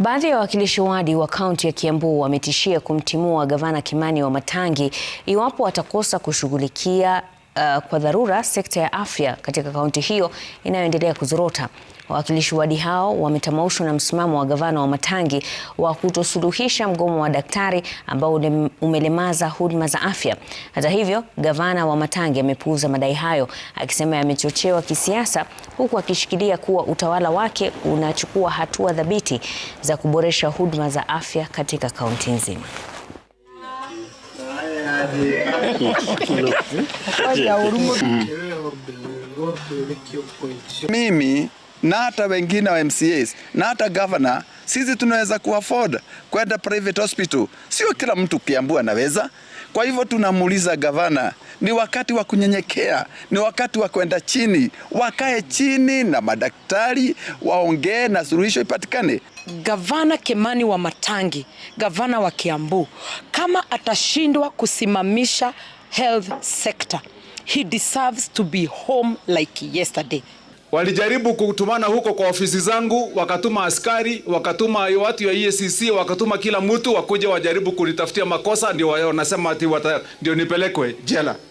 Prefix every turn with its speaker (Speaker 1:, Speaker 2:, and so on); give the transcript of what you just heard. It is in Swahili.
Speaker 1: Baadhi ya wawakilishi wadi wa kaunti ya Kiambu wametishia kumtimua gavana Kimani Wamatangi iwapo atakosa kushughulikia uh, kwa dharura sekta ya afya katika kaunti hiyo inayoendelea kuzorota. Wawakilishi wadi hao wametamaushwa na msimamo wa gavana wa Matangi wa kutosuluhisha mgomo wa daktari ambao umelemaza huduma za afya. Hata hivyo, gavana wa Matangi amepuuza madai hayo akisema yamechochewa kisiasa, huku akishikilia kuwa utawala wake unachukua hatua dhabiti za kuboresha huduma za afya katika kaunti nzima.
Speaker 2: Mm. mimi na hata wengine wa MCAs na hata governor, sisi tunaweza kuafford kwenda private hospital. Sio kila mtu Kiambu anaweza. Kwa hivyo tunamuuliza gavana ni wakati wa kunyenyekea, ni wakati wa kwenda chini. Wakae chini na madaktari waongee na suluhisho ipatikane.
Speaker 3: Gavana kemani wa Matangi, gavana wa Kiambu, kama atashindwa kusimamisha health sector, he deserves to be home like yesterday.
Speaker 4: Walijaribu kutumana huko kwa ofisi zangu, wakatuma askari, wakatuma watu ya EACC, wakatuma kila mtu wakuje wajaribu kunitafutia makosa, ndio wanasema ati ndio nipelekwe jela.